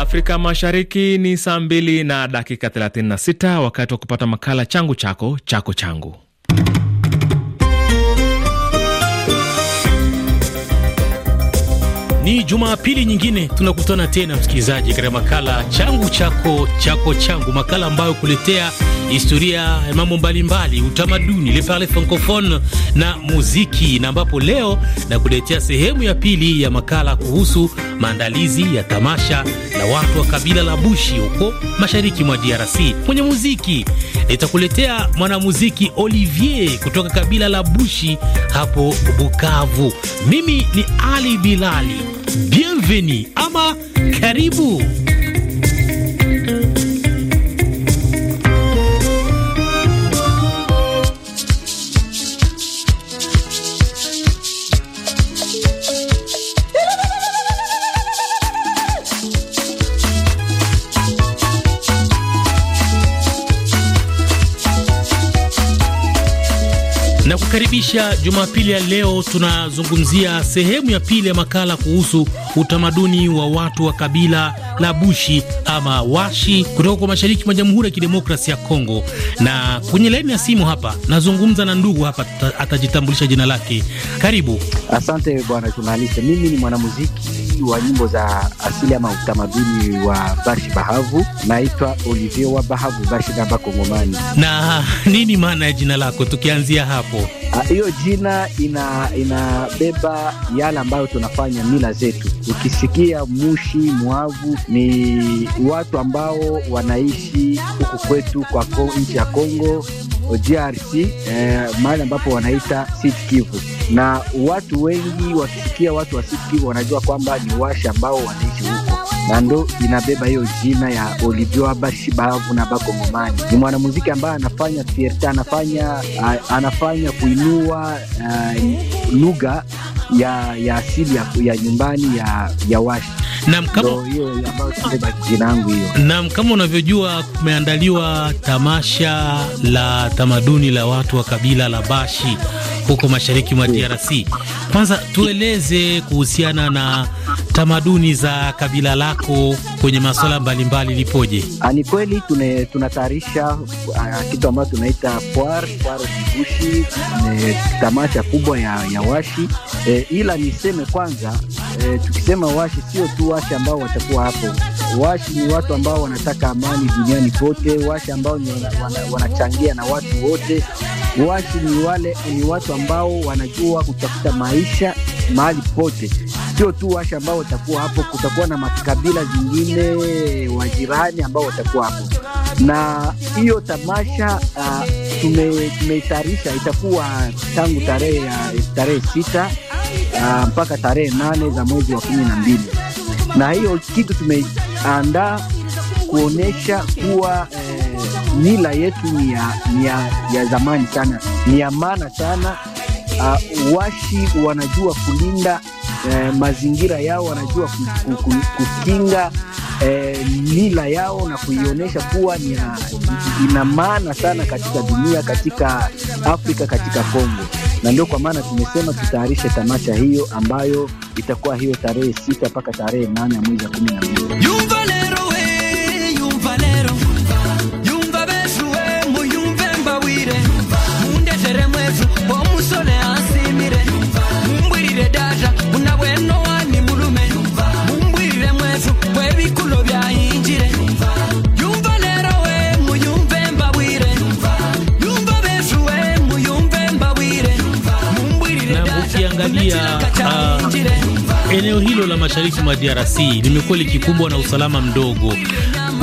Afrika Mashariki ni saa 2 na dakika 36, wakati wa kupata makala changu chako chako changu. Ni Jumapili nyingine tunakutana tena msikilizaji, katika makala changu chako chako changu, makala ambayo kuletea historia ya mambo mbalimbali, utamaduni, le parle francophone na muziki, na ambapo leo nakuletea sehemu ya pili ya makala kuhusu maandalizi ya tamasha la watu wa kabila la Bushi huko mashariki mwa DRC. Kwenye muziki nitakuletea mwanamuziki Olivier kutoka kabila la Bushi hapo Bukavu. Mimi ni Ali Bilali, bienvenue ama karibu. Nakukaribisha Jumapili ya leo. Tunazungumzia sehemu ya pili ya makala kuhusu utamaduni wa watu wa kabila la Bushi ama Washi kutoka kwa mashariki mwa Jamhuri ya Kidemokrasi ya Kongo, na kwenye laini ya simu hapa nazungumza na ndugu hapa, atajitambulisha jina lake. Karibu. Asante bwana jurnaliste, mimi ni mwanamuziki mwimbaji wa nyimbo za asili ama utamaduni wa Bashi Bahavu. Naitwa Olivier wa Bahavu Bashi Namba Kongomani. Na nini maana ya jina lako, tukianzia hapo? Ah, hiyo jina ina inabeba yale ambayo tunafanya mila zetu. Ukisikia mushi mwavu, ni watu ambao wanaishi huku kwetu kwa nchi ya Kongo DRC eh, mahali ambapo wanaita Sud Kivu, na watu wengi wakisikia watu wa Sud Kivu wanajua kwamba ni washi ambao wanaishi na ndo inabeba hiyo jina ya Olivier Bashibavu na Bagongomani. Ni mwanamuziki ambaye anafanya fierta, anafanya anafanya kuinua uh, lugha ya ya asili ya, ya nyumbani ya, ya washi Naam, kama, kama unavyojua kumeandaliwa tamasha la tamaduni la watu wa kabila la Bashi huko mashariki mwa DRC. Kwanza tueleze kuhusiana na tamaduni za kabila lako kwenye masuala mbalimbali lipoje? Ah, ni kweli tunatayarisha ah, kitu ambacho tunaita poar poar kibushi, tamasha kubwa ya, ya washi e, ila niseme kwanza e, tukisema washi sio tu washi ambao watakuwa hapo washi ni watu ambao wanataka amani duniani kote, washi ambao wanachangia wana, wana na watu wote Washi ni wale ni watu ambao wanajua kutafuta maisha mahali pote, sio tu washi ambao watakuwa hapo. Kutakuwa na makabila zingine wajirani ambao watakuwa hapo, na hiyo tamasha uh, tumeitayarisha itakuwa tangu tarehe tarehe sita uh, mpaka tarehe nane za mwezi wa kumi na mbili, na hiyo kitu tumeandaa kuonyesha kuwa uh, mila yetu ni ya, ni ya, ya zamani sana, ni ya maana sana. Uh, washi wanajua kulinda eh, mazingira yao, wanajua kukinga eh, mila yao na kuionyesha kuwa ni ya, ina maana sana katika dunia, katika Afrika, katika Kongo na ndio kwa maana tumesema tutayarishe tamasha hiyo ambayo itakuwa hiyo tarehe sita mpaka tarehe nane ya mwezi wa kumi na mbili. kuangalia uh, eneo hilo la mashariki mwa DRC limekuwa likikumbwa na usalama mdogo.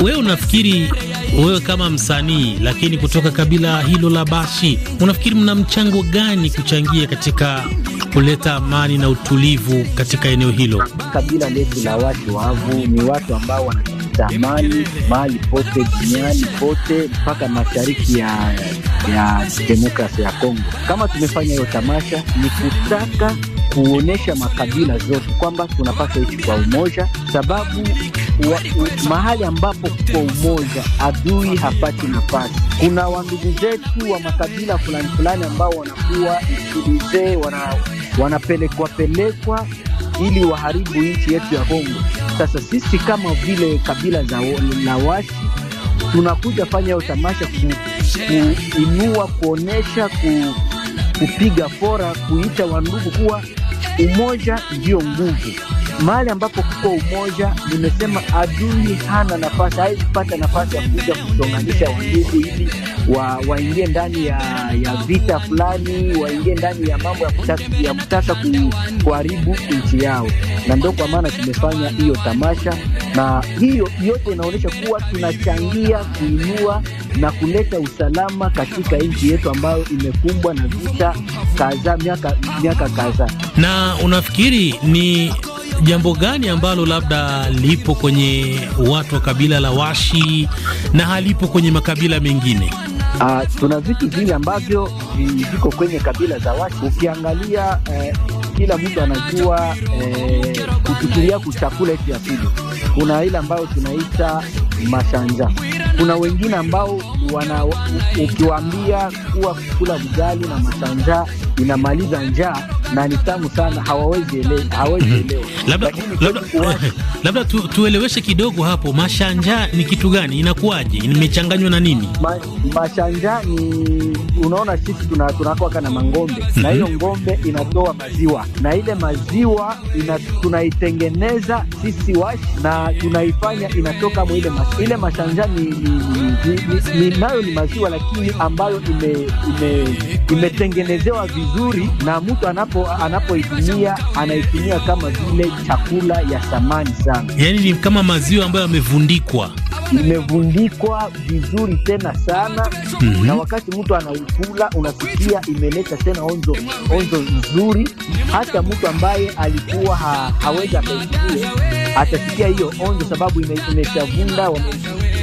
Wewe unafikiri wewe kama msanii lakini kutoka kabila hilo la Bashi, unafikiri mna mchango gani kuchangia katika kuleta amani na utulivu katika eneo hilo? Kabila letu la watu wavu ni watu ambao wana kuleta amani mali pote duniani pote mpaka mashariki ya, ya demokrasia ya Kongo. Kama tumefanya hiyo tamasha ni kutaka kuonyesha makabila zote kwamba tunapaswa ishi kwa umoja, sababu wa, u, mahali ambapo kwa umoja adui hapati nafasi. Kuna wandugu zetu wa makabila fulani fulani ambao wanakuwa wana wanapelekwapelekwa ili waharibu nchi yetu ya Kongo. Sasa sisi kama vile kabila za washi tunakuja fanya yo tamasha ku, kuinua kuonesha ku, kupiga fora kuita wandugu kuwa umoja ndio nguvu mahali ambapo kuko umoja, nimesema adui hana nafasi, hawezi pata nafasi ya kuja kutonganisha wandugu hivi wa, waingie ndani ya, ya vita fulani, waingie ndani ya mambo ya kutaka kuharibu nchi yao, na ndio kwa maana tumefanya hiyo tamasha, na hiyo yote inaonyesha kuwa tunachangia kuinua na kuleta usalama katika nchi yetu ambayo imekumbwa na vita kadhaa miaka miaka kadhaa. Na unafikiri ni jambo gani ambalo labda lipo kwenye watu wa kabila la Washi na halipo kwenye makabila mengine? Uh, tuna vitu vile ambavyo viko kwenye kabila za Washi. Ukiangalia eh, kila mtu anajua eh, kufikiria kuchakula yetu ya pili. Kuna ile ambayo tunaita mashanja, kuna wengine ambao wana ukiwaambia kuwa kukula vigali na mashanja inamaliza njaa na ni tamu sana, hawawezi elewa, hawawezi hmm. elewa. Labda labda tu, tueleweshe kidogo hapo, mashanja ni kitu gani? Inakuwaje? imechanganywa na nini? Ma, mashanja ni unaona, sisi tunakwaka na mangombe mm -hmm. na mhm. hiyo ngombe inatoa maziwa na ile maziwa ina, tunaitengeneza sisi wash na tunaifanya inatoka mwa ile mas, ile mashanja ni, ni, ni, ni, ni nayo ni maziwa, lakini ambayo imetengenezewa ime, ime vizuri na mtu anapo anapo anapoitumia anaitumia kama vile chakula ya thamani sana, yaani ni kama maziwa ambayo yamevundikwa imevundikwa vizuri tena sana mm -hmm. Na wakati mtu anaikula unasikia imeleta tena onzo onzo nzuri. Hata mtu ambaye alikuwa ha, hawezi akaitumia atasikia hiyo onzo, sababu imeshavunda ime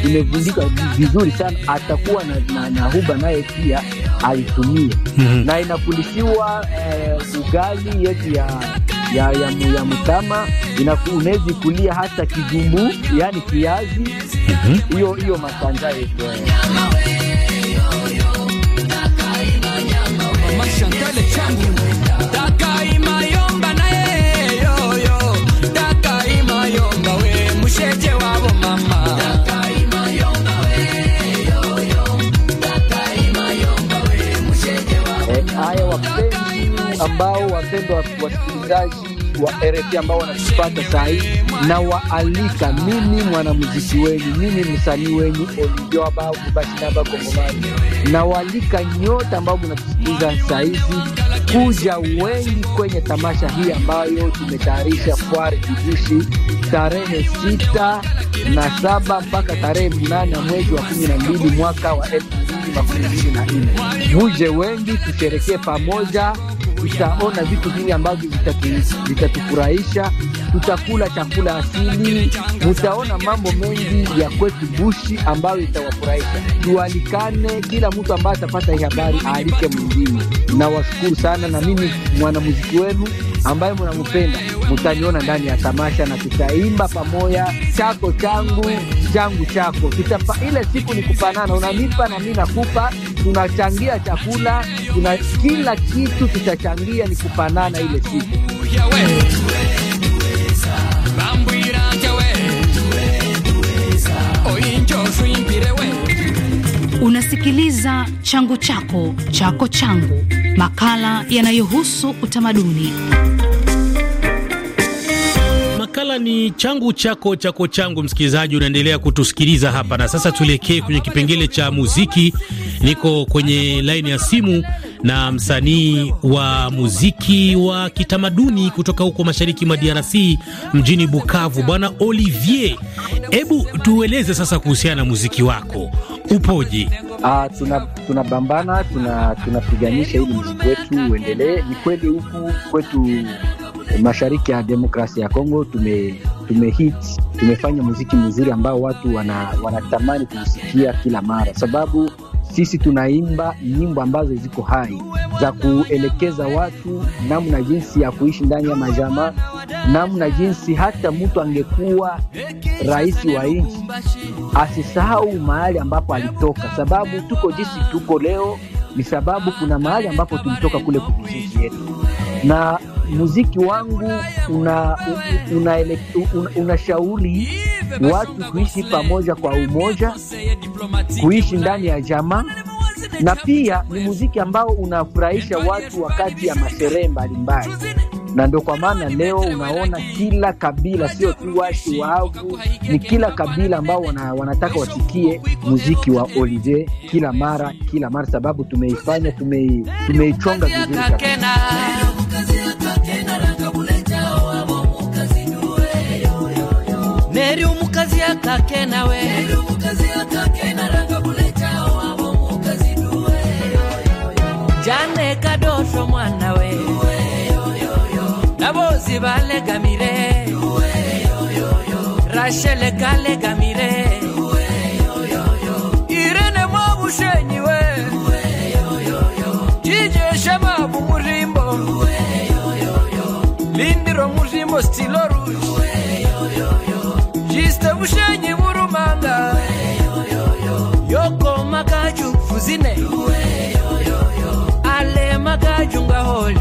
imevundika vizuri sana, atakuwa na, na, na huba naye pia aitumie mm -hmm. na inakulishiwa eh, ugali yetu ya ya, ya, ya mtama unawezi kulia hata kijumbu, yani kiazi mhm. hiyo mm hiyo -hmm. masanja yetu eh. wa wasikilizaji wa RFI ambao wanatupata saa hii, na waalika mimi mwanamuziki wenyu, mimi msanii wenyu Olivier Babu Kongomani, na waalika nyote ambao mnatusikiliza saa hizi kuja wengi kwenye tamasha hii ambayo tumetayarisha Foire kijishi tarehe sita na saba mpaka tarehe mnane mwezi wa kumi na mbili mwaka wa elfu mbili makumi mbili na nne. Muje wengi tusherekee pamoja tutaona vitu vingi ambavyo vitatufurahisha, tutakula chakula asili, mutaona mambo mengi ya kwetu Bushi ambayo itawafurahisha. Tualikane, kila mtu ambaye atapata hii habari aalike mwingine. Nawashukuru sana, na mimi mwanamuziki wenu ambaye mnampenda mutaniona ndani ya tamasha na tutaimba pamoja, chako changu changu chako. Tutapa ile siku ni kupanana, unanipa na mimi nakupa tunachangia chakula, tuna kila kitu tutachangia, ni kupanana ile siku Unasikiliza changu chako chako changu, makala yanayohusu utamaduni. Makala ni changu chako chako changu. Msikilizaji, unaendelea kutusikiliza hapa na sasa, tuelekee kwenye kipengele cha muziki Niko kwenye laini ya simu na msanii wa muziki wa kitamaduni kutoka huko mashariki mwa DRC mjini Bukavu, Bwana Olivier. Hebu tueleze sasa kuhusiana na muziki wako upoje? Ah, tunabambana tuna tunapiganisha tuna ili muziki wetu uendelee. Ni kweli huku kwetu eh, mashariki ya demokrasia ya Kongo tume tumehit tumefanya muziki mzuri ambao watu wana, wanatamani kusikia kila mara, sababu sisi tunaimba nyimbo ambazo ziko hai za kuelekeza watu namna jinsi ya kuishi ndani ya majamaa, namna jinsi hata mtu angekuwa rais wa nchi asisahau mahali ambapo alitoka, sababu tuko jinsi tuko leo ni sababu kuna mahali ambapo tulitoka kule kuvizizi yetu. Na muziki wangu una, una, una, una, una shauri watu kuishi pamoja kwa umoja, kuishi ndani ya jamaa, na pia ni muziki ambao unafurahisha watu wakati ya masherehe mbalimbali na ndio kwa maana leo unaona kila kabila, sio tu watu wavu, ni kila kabila ambao wana, wanataka wasikie muziki wa Olivier kila mara kila mara, sababu tumeifanya tumeichonga vizuri Heru mukazi akake nawe Heru mukazi akake naranga buletao abo mukazi duwe Jane kadosho mwana we Duwe yo yo yo Nabozi bale gamire Duwe yo yo yo Rachel kale gamire Duwe yo yo yo Irene mwabushenyi we Duwe yo yo yo Jije shema murimbo Duwe yo yo yo Lindiro murimbo stilo rouge Duwe yo yo yo mushenyi wurumanga yoko makaju fuzine alema kaju ngaholi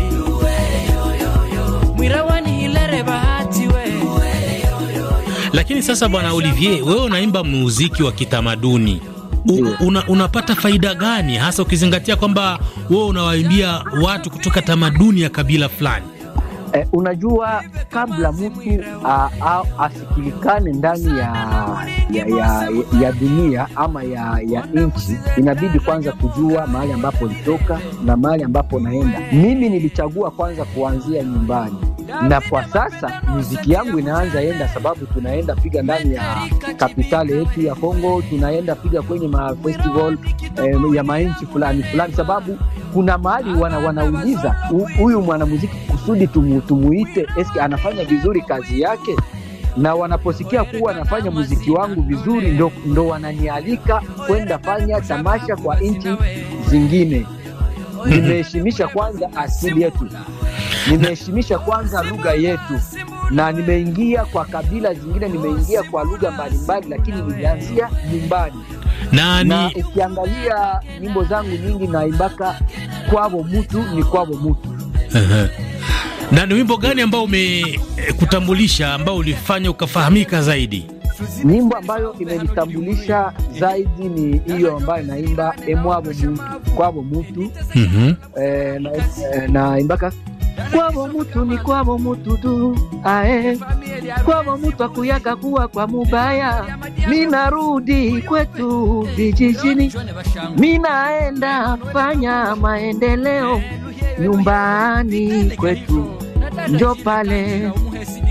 mwirawani hilere bahatiwe lakini sasa bwana Olivier, wewe unaimba muziki wa kitamaduni una, unapata faida gani hasa ukizingatia kwamba wewe unawaimbia watu kutoka tamaduni ya kabila fulani? Eh, unajua kabla mtu asikilikane ndani ya ya, ya ya dunia ama ya, ya nchi inabidi kwanza kujua mahali ambapo ulitoka na mahali ambapo unaenda. Mimi nilichagua kwanza kuanzia nyumbani na kwa sasa muziki yangu inaanza enda, sababu tunaenda piga ndani ya kapitali yetu ya Kongo, tunaenda piga kwenye mafestival eh, ya manchi fulani fulani, sababu kuna mahali wana, huyu mwanamuziki kusudi tumu, tumuite eske anafanya vizuri kazi yake na wanaposikia kuwa anafanya muziki wangu vizuri ndo, ndo wananialika kwenda fanya tamasha kwa nchi zingine. Nimeheshimisha kwanza asili yetu nimeheshimisha kwanza lugha yetu, na nimeingia kwa kabila zingine, nimeingia kwa lugha mbalimbali, lakini nilianzia nyumbani. Nani? Na ukiangalia nyimbo zangu nyingi naimbaka kwavo mutu ni kwavo mutu. Na ni wimbo gani ambao umekutambulisha ambao ulifanya ukafahamika zaidi? Nyimbo ambayo imenitambulisha zaidi ni hiyo ambayo naimba emwavo mutu kwavo mutu. Mm-hmm. E, na, eh, naimbaka kwavo mutu ni kwavo mutu tu ae kwavo mutu akuyaka kuwa kwa mubaya. Minarudi kwetu vijijini, minaenda fanya maendeleo nyumbani kwetu, njo pale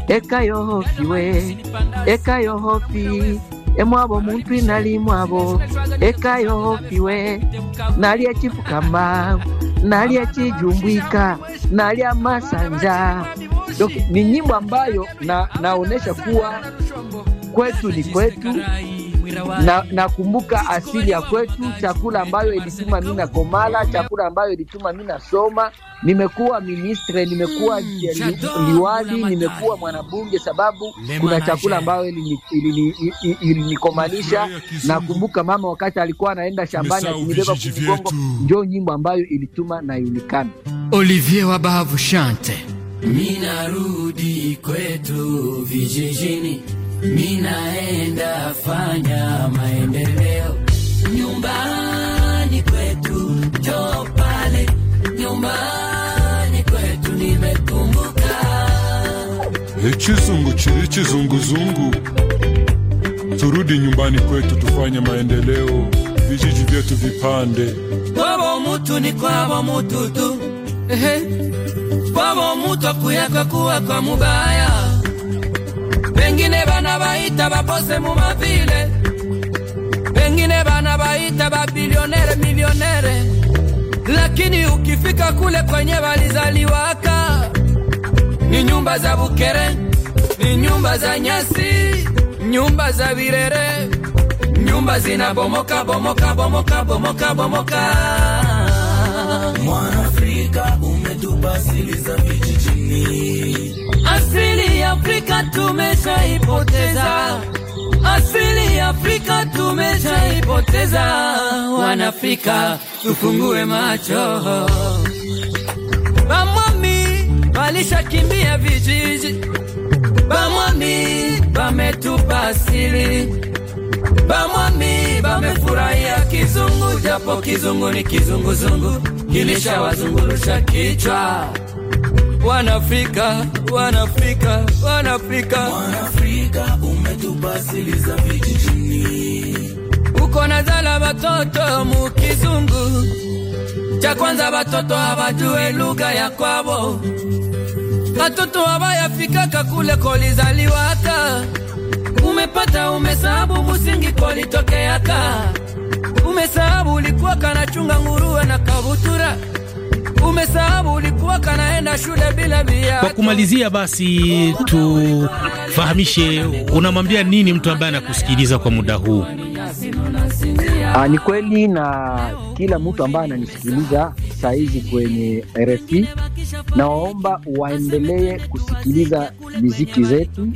ekayohofiwe ekayohofi emwavo muntu inali mwavo ekayohofiwe nali echifukamba nalia Chijumbwika, nalia Masanja. Ni nyimbo ambayo na, naonesha kuwa kwetu ni kwetu na nakumbuka asili ya kwetu, chakula ambayo ilituma mimi na komala, chakula ambayo ilituma mimi soma Nimekuwa ministre, nimekuwa hmm, liwali, nimekuwa mwanabunge, sababu kuna chakula ambayo ilinikomalisha. Nakumbuka mama wakati alikuwa anaenda shambani akinibeba kumgongo, njo nyimbo ambayo ilituma na iulikana. Olivier Wabavu Shante, minarudi kwetu vijijini minaenda fanya maendeleo nyumbani kwetu, njoo pale nyumbani kwetu, nimekumbuka ikizungu chiri kizunguzungu, turudi nyumbani kwetu, tufanye maendeleo vijiji vyetu vipande. Kwabo mutu ni kwabo mututu tu, ehe, kwabo mutu akuyaka kuwa kwa mubaya bengine bana baita bapose mumavile, bengine bana baita babilionere milionere, lakini ukifika kule kwenye walizaliwaka ni nyumba za Bukere, ni nyumba za nyasi, nyumba za virere nyumba zina bomoka bomoka bomoka bomoka. Afrika umetupa asili za vijijini Asili ya Afrika tumeshaipoteza, asili ya Afrika tumeshaipoteza. Wanafrika tufungue macho, bamwami walishakimbia vijiji, bamwami bametupa asili, bamwami bamefurahia kizungu, japo kizungu ni kizunguzungu kilishawazungurusha kichwa Wanafrika, Wanafrika, Wanafrika, Wanafrika, umetubasiliza vijijini, uko nazala batoto mukizungu cha kwanza, batoto abajue lugha ya kwabo, batoto abayafikaka kule kolizaliwaka, umepata umesabu musingi kolitokeaka, umesabu ulikuwa kanachunga nguruwe na kabutura Umesahau ulikuwa kanaenda shule bila viatu. Kwa kumalizia basi, tufahamishe unamwambia nini mtu ambaye anakusikiliza kwa muda huu? Aa, ah, ni kweli na kila mtu ambaye ananisikiliza sahizi kwenye RFI, nawaomba waendelee kusikiliza miziki zetu,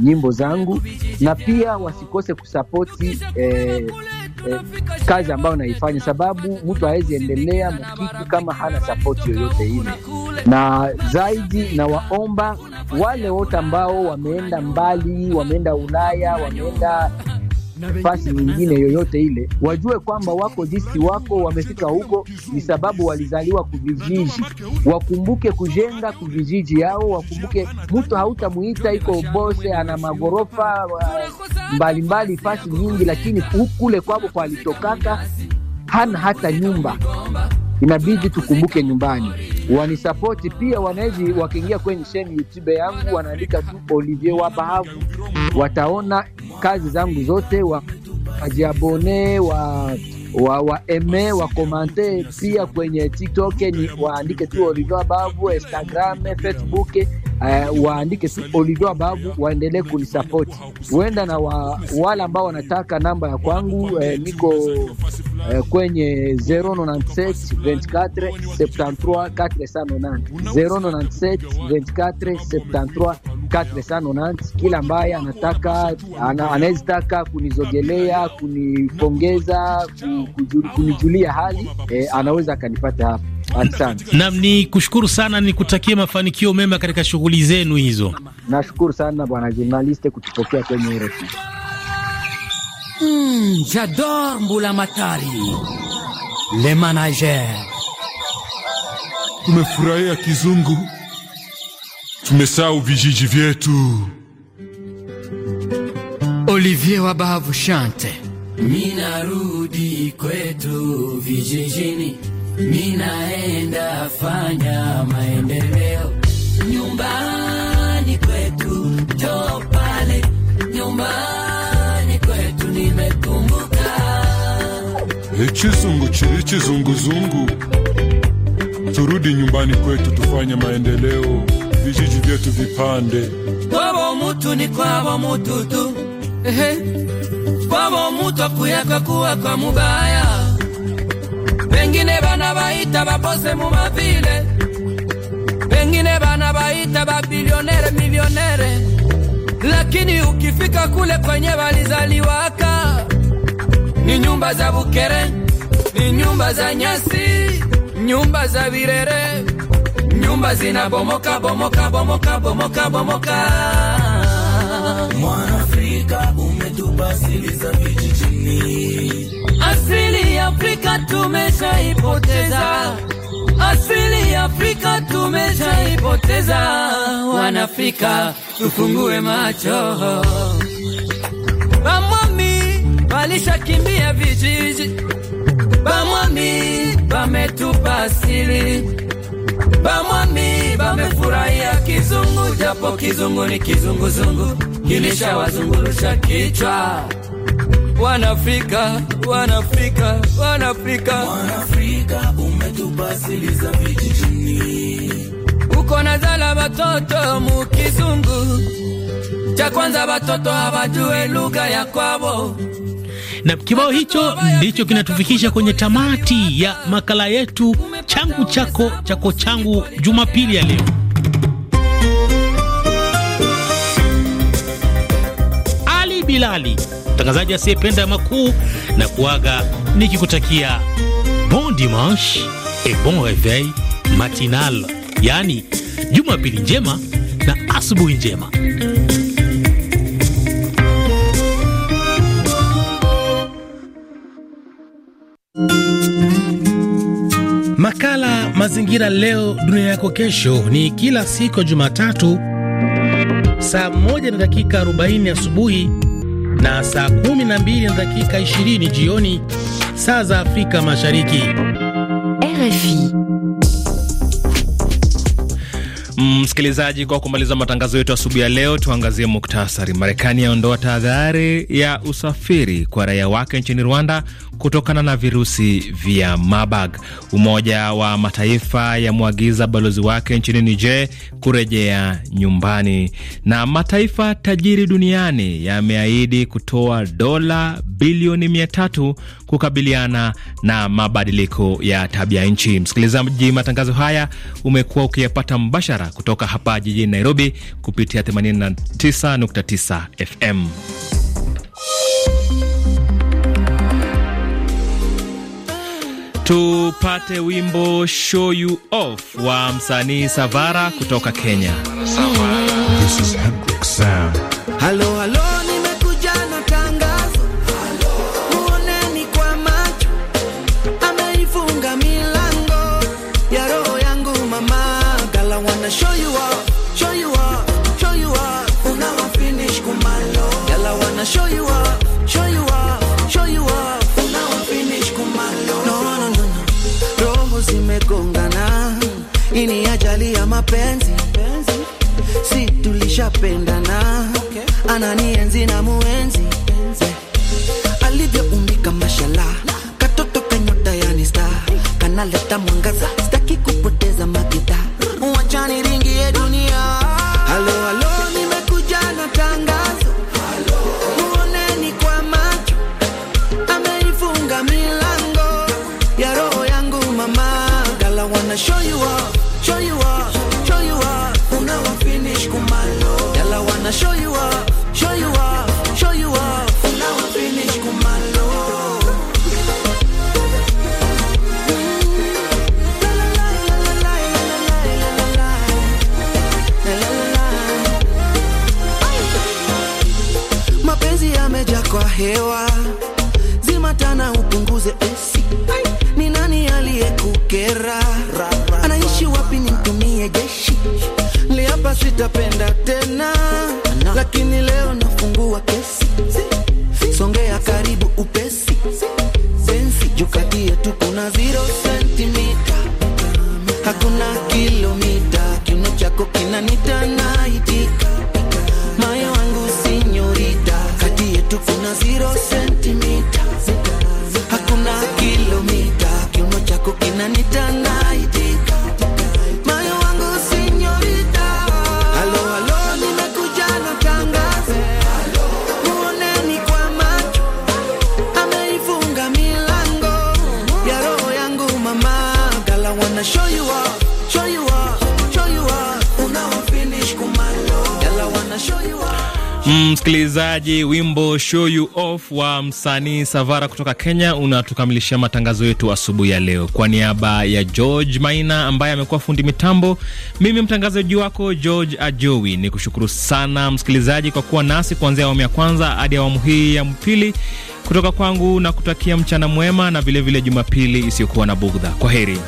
nyimbo zangu, na pia wasikose kusapoti eh, kazi ambayo naifanya, sababu mtu hawezi endelea kitu kama hana sapoti yoyote ile. Na zaidi nawaomba wale wote ambao wameenda mbali, wameenda Ulaya, wameenda nafasi nyingine yoyote ile, wajue kwamba wako jisi wako wamefika huko ni sababu walizaliwa kuvijiji. Wakumbuke kujenga kuvijiji yao, wakumbuke mtu hautamuita iko bose ana magorofa mbalimbali fasi nyingi, lakini kule kwako kwalitokaka hana hata nyumba. Inabidi tukumbuke nyumbani wanisapoti pia. Wanaeji wakiingia kwenye sheni YouTube yangu wanaandika tu Olivier Wabahavu, wataona kazi zangu zote, wajiabone wa wa waeme wakomante. Pia kwenye TikTok ni waandike tu Olivier Wabahavu, Instagram, Facebook uh, waandike tu Olivier Babu, waendelee kunisapoti huenda na wa, wale ambao wanataka namba ya kwangu uh, niko uh, kwenye 097 kila ambaye anataka ana, anawezitaka kunizogelea kunipongeza kunijulia hali eh, anaweza akanipata hapa. Asante nam, ni kushukuru sana, ni mafanikio mema katika shughuli zenu hizo. Nashukuru sana bwana jurnaliste kutupokea kwenye RFI. Mm, jador mbula matari le manager, tumefurahia kizungu, tumesahau vijiji vyetu. Olivier wa Bahavu Shante, minarudi kwetu vijijini ninaenda fanya maendeleo nyumbani kwetu, njoo pale nyumbani kwetu, nimekumbuka ichizungu chizunguzungu, turudi nyumbani kwetu, tufanye maendeleo vijiji vyetu vipande. Kwabo mutu ni kwabo mutu tu, ehe, kwabo mutu akuyaka kuwa kwa mubaya bengine bana baita babose mu mavile, pengine bana baita babilionere milionere, lakini ukifika kule kwenye walizaliwaka ni nyumba za Bukere, ni nyumba za nyasi, nyumba za Birere, nyumba zina bomoka bomoka bomoka bomoka. Mwanaafrika umetupa siri za Afrika tumeshaipoteza, asili ya Afrika tumeshaipoteza. Wanafrika tufungue macho, bamwami walishakimbia vijiji, bamwami bametupa asili Bamwami bamefurahia kizungu, japo kizungu ni kizunguzungu, kilishawazungurusha kichwa. Wanafrika, Wanafrika, Wanafrika, Wanafrika, umetupa asili za vijijini, uko na zala batoto mukizungu cha kwanza, watoto hawajue lugha ya kwabo na kibao hicho ndicho kinatufikisha kwenye tamati ya makala yetu changu chako chako changu Jumapili ya leo. Ali Bilali mtangazaji asiyependa makuu na kuaga nikikutakia bon dimanche et bon reveil matinal, yaani jumapili njema na asubuhi njema. Makala Mazingira Leo Dunia Yako Kesho ni kila siku ya Jumatatu saa 1 na dakika 40 asubuhi na saa 12 na dakika 20 jioni saa za Afrika Mashariki. RFI Msikilizaji, kwa kumaliza matangazo yetu asubuhi ya leo, tuangazie muktasari. Marekani yaondoa tahadhari ya usafiri kwa raia wake nchini Rwanda kutokana na virusi vya Marburg. Umoja wa Mataifa yamwagiza balozi wake nchini Niger kurejea nyumbani, na mataifa tajiri duniani yameahidi kutoa dola bilioni mia tatu kukabiliana na mabadiliko ya tabia nchi. Msikilizaji, matangazo haya umekuwa ukiyapata mbashara kutoka hapa jijini Nairobi kupitia 89.9 FM. tupate wimbo show you off wa msanii Savara kutoka Kenya. This is Sam. Hello. mapenzi si tulishapendana, okay. Ananienzi na muenzi alivyoumbika, mashala katoto kanyota yani star, kanaleta mwangaza hewa zimatana, upunguze usi. Ni nani aliyekukera? Anaishi wapi? Nimtumie jeshi. Liapa sitapenda tena, lakini leo nafungua kesi. Songea karibu upesi, sensi jukatie tu, kuna zero sentimita, hakuna kilomita, kiuno chako kinanitana Msikilizaji, wimbo show you off wa msanii Savara kutoka Kenya unatukamilishia matangazo yetu asubuhi ya leo. Kwa niaba ya George Maina ambaye amekuwa fundi mitambo, mimi mtangazaji wako George Ajowi ni kushukuru sana msikilizaji kwa kuwa nasi kuanzia awamu ya kwanza hadi awamu hii ya pili kutoka kwangu na kutakia mchana mwema na vilevile Jumapili isiyokuwa na bugdha. Kwa heri.